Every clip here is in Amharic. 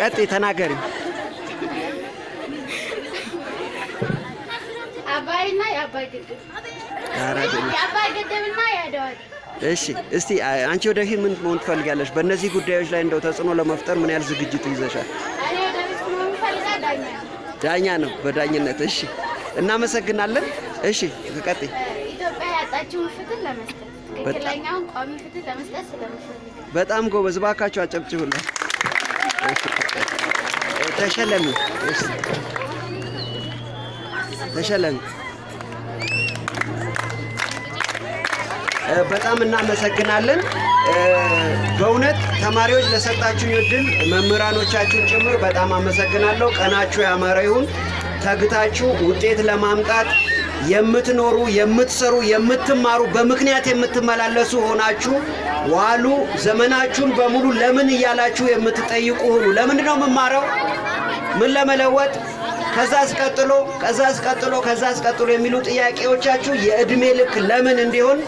ቀጥ ተናገሪ። እሺ እስቲ አንቺ ወደፊት ምን መሆን ትፈልጋለሽ? በእነዚህ ጉዳዮች ላይ እንደው ተጽዕኖ ለመፍጠር ምን ያህል ዝግጅት ይዘሻል? ዳኛ ነው በዳኝነት። እሺ እናመሰግናለን። እሺ ቀጤ ኢትዮጵያ ያጣችውን ፍትህ ለመስጠት ትክክለኛውን ቋሚ ፍትህ ለመስጠት ስለምፈልግ በጣም ጎበዝ። እባካችሁ አጨብጭቡላት። ተሸለሚ ተሸለሚ። በጣም እናመሰግናለን። በእውነት ተማሪዎች ለሰጣችሁ እድል መምህራኖቻችሁን ጭምር በጣም አመሰግናለሁ። ቀናችሁ ያማረ ይሁን። ተግታችሁ ውጤት ለማምጣት የምትኖሩ የምትሰሩ፣ የምትማሩ፣ በምክንያት የምትመላለሱ ሆናችሁ ዋሉ። ዘመናችሁን በሙሉ ለምን እያላችሁ የምትጠይቁ ሁኑ። ለምንድን ነው የምማረው? ምን ለመለወጥ? ከዛ አስቀጥሎ ከዛ አስቀጥሎ ከዛ አስቀጥሎ የሚሉ ጥያቄዎቻችሁ የእድሜ ልክ ለምን እንዲሆን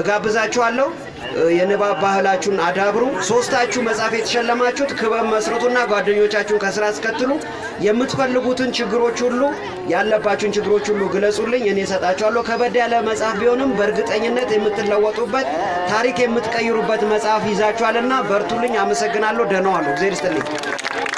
እጋብዛችኋለሁ። የንባብ ባህላችሁን አዳብሩ። ሶስታችሁ መጽሐፍ የተሸለማችሁት ክበብ መስርቱና ጓደኞቻችሁን ከስራ አስከትሉ። የምትፈልጉትን ችግሮች ሁሉ ያለባችሁን ችግሮች ሁሉ ግለጹልኝ፣ እኔ እሰጣችኋለሁ። ከበድ ያለ መጽሐፍ ቢሆንም በእርግጠኝነት የምትለወጡበት ታሪክ የምትቀይሩበት መጽሐፍ ይዛችኋልና በርቱልኝ። አመሰግናለሁ። ደህና ዋሉ። እግዚአብሔር ይስጥልኝ።